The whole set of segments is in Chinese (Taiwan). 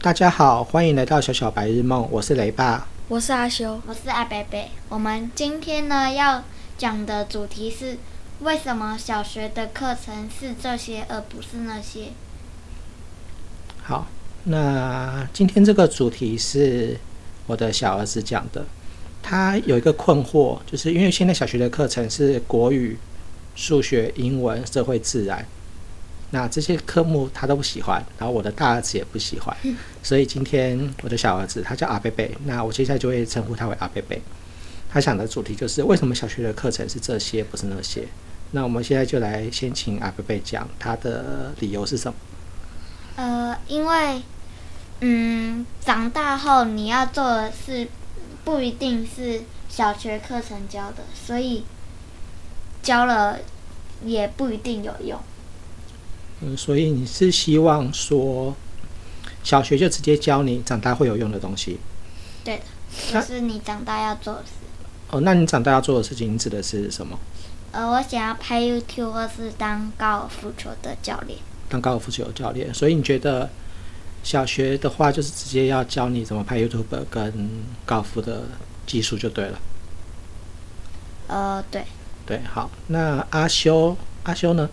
大家好，歡迎來到小小白日夢。我是雷爸，我是阿修，我是阿北北。我們今天呢，要講的主題是為什麼小學的課程是這些而不是那些？好，那今天這個主題是我的小兒子講的。他有一個困惑，就是因為現在小學的課程是國語、數學、英文、社會、自然。那這些科目他都不喜歡，然後我的大兒子也不喜歡，嗯，所以今天我的小兒子他叫阿貝貝，那我接下來就會稱呼他為阿貝貝。他想的主題就是為什麼小學的課程是這些，不是那些？那我們現在就來先請阿貝貝講他的理由是什麼？呃，因為，嗯，長大後你要做的事不一定是小學課程教的，所以教了也不一定有用。嗯，所以你是希望說，小學就直接教你長大會有用的東西，對的，就是你長大要做的事情，啊。哦，那你長大要做的事情，你指的是什麼？呃，我想要拍 YouTube 或是當高爾夫球的教練。當高爾夫球的教練，所以你覺得小學的話，就是直接要教你怎麼拍 YouTube 跟高爾夫的技術就對了。呃，對。對，好，那阿修，阿修呢？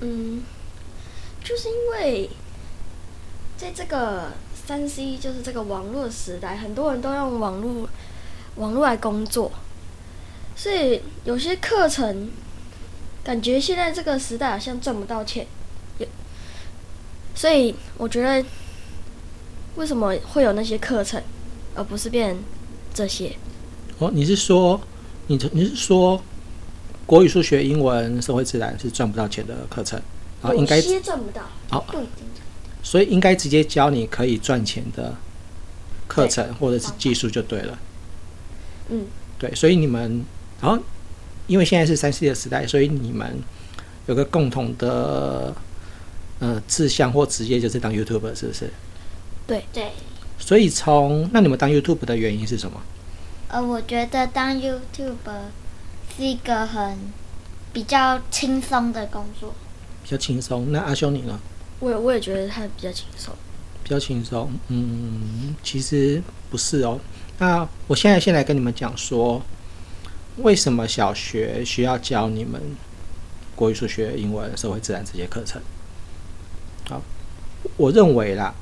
嗯。就是因為在這個三 C，就是這個網絡時代,很多人都用網絡網絡來工作，所以有些課程感覺現在這個時代好像賺不到錢，所以我覺得為什麼會有那些課程，而不是變這些？哦，你是說你你是說國語、數學、英文、社會、自然是賺不到錢的課程？哦、應該直接賺不到，好不一定不、哦。所以應該直接教你可以賺錢的課程或者是技術就對了。對嗯，對，所以你們，好、哦、因為現在是三 C 的時代，所以你們有個共同的呃志向、或職業就是當 YouTuber，是不是？對對。對所以從那你們當 YouTuber 的原因是什麼？呃，我覺得當 YouTuber 是一個很比較輕鬆的工作。比較輕鬆。那阿兄，你呢？我也我也覺得他比較輕鬆，比較輕鬆。嗯，其實不是哦。那我現在先來跟你們講說，為什麼小學需要教你們國語、數學、英文、社會、自然這些課程？好，我認為啦。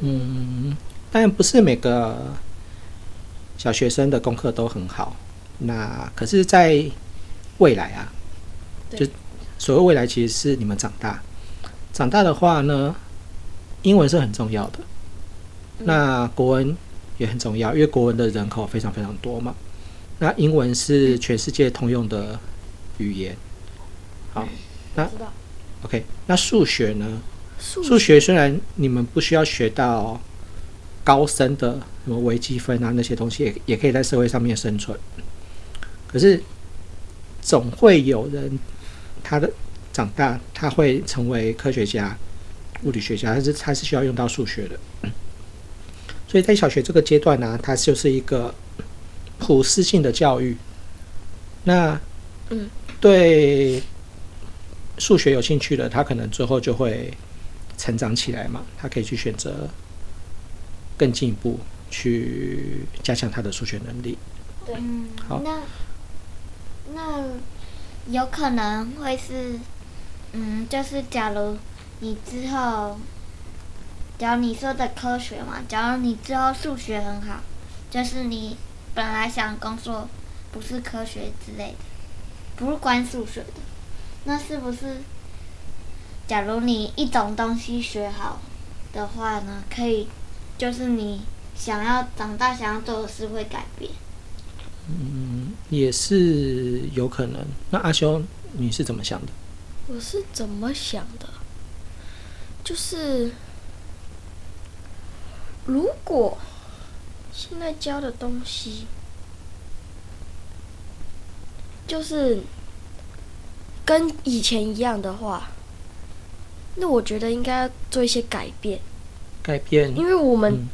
嗯，當然不是每個小學生的功課都很好。那可是在未來啊，對就。所謂未來，其實是你們長大。長大的話呢，英文是很重要的。那國文也很重要，因為國文的人口非常非常多嘛。那英文是全世界通用的語言。好，那 OK，那數學呢？數學，學雖然你們不需要學到高深的什麼微積分啊那些東西，也也可以在社會上面生存。可是，總會有人。他的長大，他會成為科學家、物理學家，他是他是需要用到數學的。所以在小學這個階段呢，啊，他就是一個普適性的教育。那對數學有興趣的，他可能之後就會成長起來嘛，他可以去選擇更進一步去加強他的數學能力。對，好，那那有可能會是，嗯，就是假如你之後，假如你說的科學嘛，假如你之後數學很好，就是你本來想工作不是科學之類的，不是關數學的，那是不是？假如你一種東西學好的話呢，可以，就是你想要長大想要做的事會改變。嗯，也是有可能。那阿修，你是怎麼想的？我是怎麼想的？就是如果現在教的東西就是跟以前一樣的話，那我覺得應該做一些改變。改變，因為我們、嗯。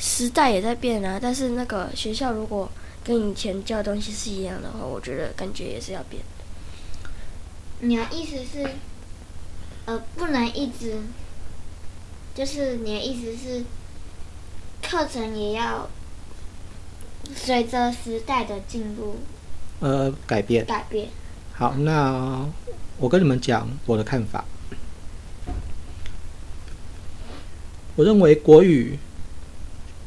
時代也在變啊，但是那個學校如果跟以前教的東西是一樣的話，我覺得感覺也是要變的。你的意思是，呃，不能一直，就是你的意思是，課程也要隨着時代的進步，呃，改變，改變。好，那我跟你們講我的看法。我認為國語，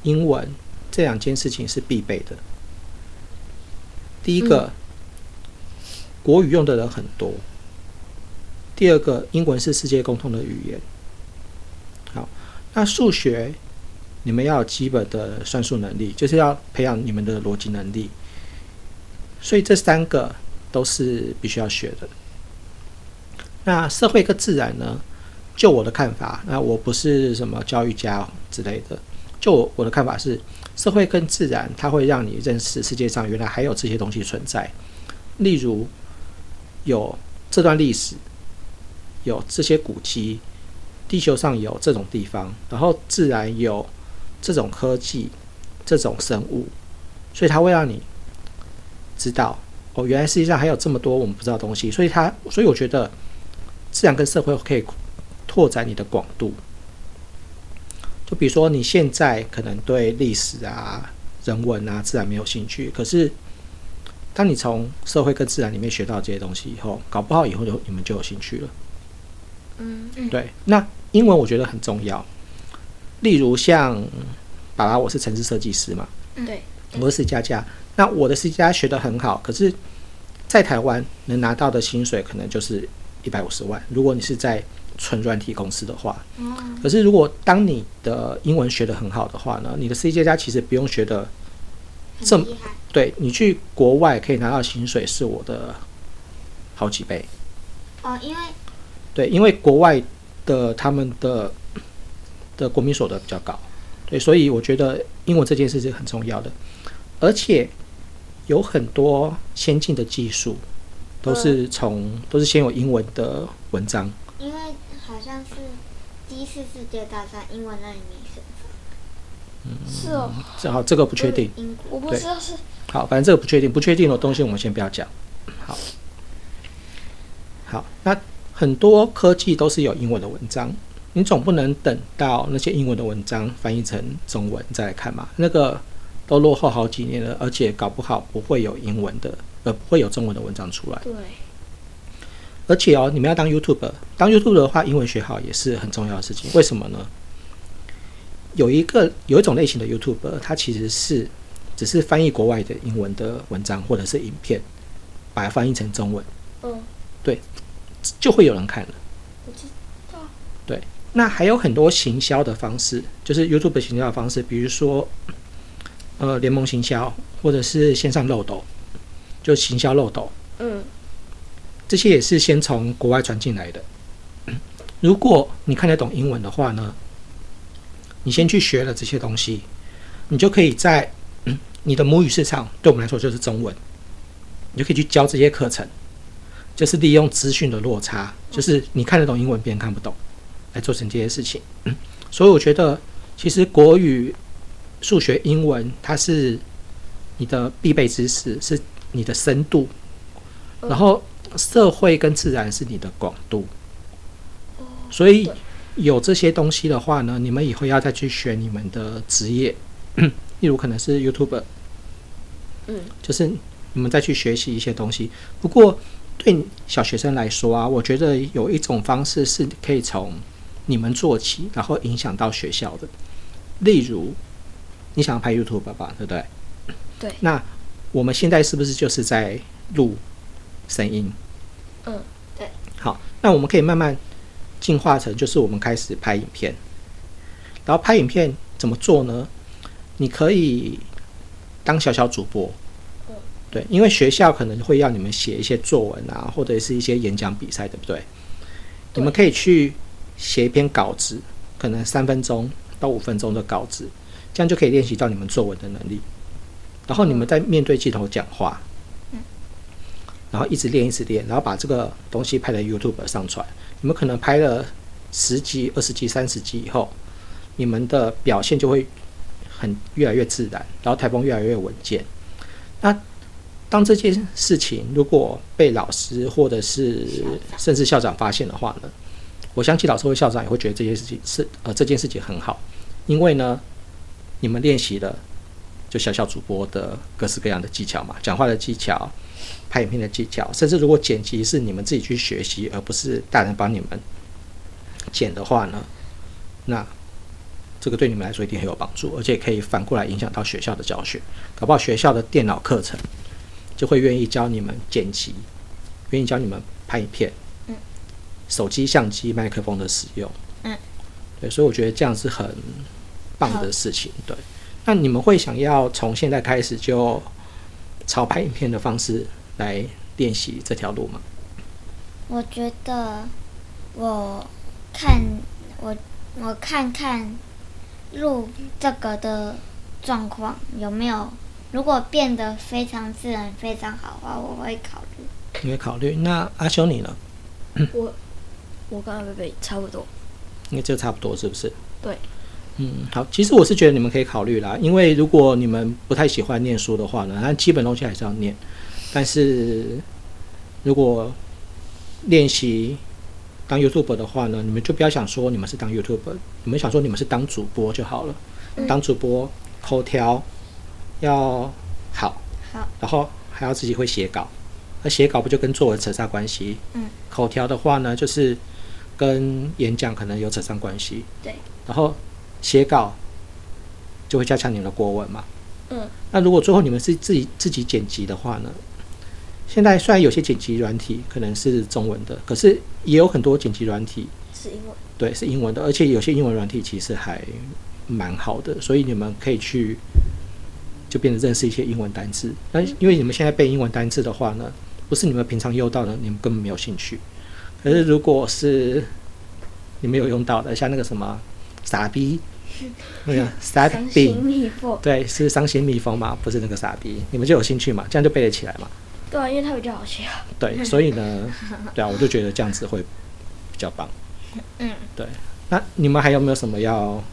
英文這兩件事情是必備的。第一個，嗯、國語用的人很多；第二個，英文是世界共通的語言。好，那數學，你們要有基本的算術能力，就是要培養你們的邏輯能力。所以這三個都是必須要學的。那社會跟自然呢？就我的看法，那我不是什麼教育家之類的。就我的看法是，社會跟自然，它會讓你認識世界上原來還有這些東西存在。例如，有這段歷史，有這些古蹟，地球上有這種地方，然後自然有這種科技、這種生物，所以它會讓你知道，哦，原來世界上還有這麼多我們不知道的東西。所以它，所以我覺得，自然跟社會可以拓展你的廣度。比如說，你現在可能對歷史啊、人文啊、自然沒有興趣，可是當你從社會跟自然裡面學到這些東西以後，搞不好以後就你們就有興趣了。嗯，對。那英文我覺得很重要。例如像爸爸，我是程式設計師嘛，對、嗯，我是 C 加加。那我的 C 加加學得很好，可是，在台灣能拿到的薪水可能就是一百五十萬。如果你是在純軟體公司的話，可是如果當你的英文學得很好的話呢，你的 C 加加其實不用學得這麼，對，你去國外可以拿到薪水是我的好幾倍。哦，因為對，因為國外的他們的的國民所得比較高，對，所以我覺得英文這件事是很重要的，而且有很多先進的技術都是從都是先有英文的文章，因為。好像是第一次世界大戰英文那裡名稱，是哦。好，這個不確定。英國，我不知道是。好，反正這個不確定，不確定的東西我們先不要講。好，好，那很多科技都是有英文的文章，你總不能等到那些英文的文章翻譯成中文再來看嘛？那個都落後好幾年了，而且搞不好不會有英文的，呃，不會有中文的文章出來。對。而且哦，你們要當 YouTuber，當 YouTuber 的話，英文學好也是很重要的事情。為什麼呢？有一個有一種類型的 YouTuber，它其實是只是翻譯國外的英文的文章或者是影片，把它翻譯成中文。嗯，對，就會有人看了。我知道。對，那還有很多行銷的方式，就是 YouTuber 行銷的方式，比如說，呃，聯盟行銷，或者是線上漏斗，就行銷漏斗。嗯。這些也是先從國外傳進來的。如果你看得懂英文的話呢，你先去學了這些東西，你就可以在你的母語市場，對我們來說就是中文，你就可以去教這些課程。就是利用資訊的落差，就是你看得懂英文，別人看不懂，來做成這些事情。所以我覺得，其實國語、數學、英文，它是你的必備知識，是你的深度，然後。社會跟自然是你的廣度，所以有這些東西的話呢，你們以後要再去選你們的職業， 例如可能是 YouTuber，嗯，就是你們再去學習一些東西。不過對小學生來說啊，我覺得有一種方式是可以從你們做起，然後影響到學校的。例如你想拍 YouTuber 吧，對不對？對。那我們現在是不是就是在錄聲音？嗯，對。好，那我們可以慢慢進化成，就是我們開始拍影片，然後拍影片怎麼做呢？你可以當小小主播。嗯。對，因為學校可能會要你們寫一些作文啊，或者是一些演講比賽，對不對？對，你們可以去寫一篇稿子，可能三分鐘到五分鐘的稿子，這樣就可以練習到你們作文的能力。然後你們在面對鏡頭講話。嗯然後一直練，一直練，然後把這個東西拍在 YouTube 上傳。你們可能拍了十集、二十集、三十集以後，你們的表現就會很越來越自然，然後台風越來越穩健。那當這件事情如果被老師或者是甚至校長發現的話呢？我相信老師或校長也會覺得這件事情是呃，這件事情很好，因為呢，你們練習了就小小主播的各式各樣的技巧嘛，講話的技巧。拍影片的技巧，甚至如果剪輯是你們自己去學習，而不是大人幫你們剪的話呢，那這個對你們來說一定很有幫助，而且可以反過來影響到學校的教學，搞不好學校的電腦課程就會願意教你們剪輯，願意教你們拍影片，嗯、手機相機麥克風的使用，嗯，對，所以我覺得這樣是很棒的事情。好對，那你們會想要從現在開始就朝拍影片的方式來練習這條路嗎？我覺得我我，我看我我看看錄這個的狀況有沒有，如果變得非常自然、非常好的話，我會考慮。你會考慮？那阿修你呢？我我跟阿貝貝差不多，應該就差不多是不是？對，嗯，好。其實我是覺得你們可以考慮啦，因為如果你們不太喜歡念書的話呢，但基本東西還是要念。但是，如果練習當 YouTuber 的話呢，你們就不要想說你們是當 YouTuber，你們想說你們是當主播就好了。當主播，嗯、口條要好，好，好，然後還要自己會寫稿，那寫稿不就跟作文扯上關係？嗯，口條的話呢，就是跟演講可能有扯上關係。對，然後寫稿就會加強你們的國文嘛。嗯，那如果最後你們是自己自己剪輯的話呢？現在雖然有些剪輯軟體可能是中文的，可是也有很多剪輯軟體是英文。對，是英文的，而且有些英文軟體其實還蠻好的，所以你們可以去就變得認識一些英文單字。那因為你們現在背英文單字的話呢，不是你們平常用到的，你們根本沒有興趣。可是如果是你們有用到的，像那個什麼傻逼，那個傻逼，對，是傷心蜜蜂嘛？不是那個傻逼，你們就有興趣嘛，這樣就背得起來嘛。對啊，因為它比較好笑、啊、對，所以呢， 對啊，我就覺得這樣子會比較棒。嗯，對。那你們還有沒有什麼要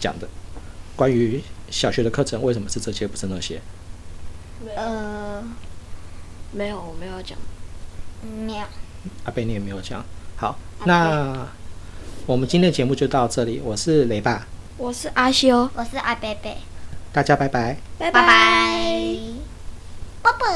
講的？關於小學的課程，為什麼是這些，不是那些？呃，沒有，我沒有講，沒有。阿貝，你也沒有講。好，伯那我們今天的節目就到這裡。我是雷爸，我是阿修，我是阿貝貝。大家拜拜，拜拜，拜拜。寶寶